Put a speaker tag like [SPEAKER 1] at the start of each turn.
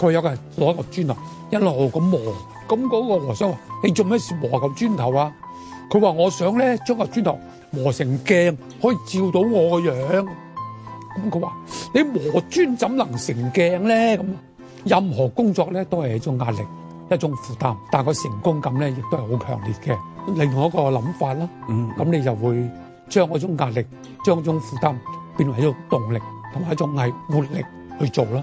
[SPEAKER 1] 佢有個人攞個磚頭一路咁磨，咁嗰個和尚話：你做咩磨嚿磚頭啊？佢話我想咧將個磚頭磨成鏡，可以照到我個樣。咁佢話你磨磚怎能成鏡咧？咁任何工作咧都係一種壓力，一種負擔，但係個成功感咧亦都係好強烈嘅。另外一個諗法啦，咁你就會將嗰種壓力、將嗰種負擔變為一種動力，同埋一種係活力去做啦。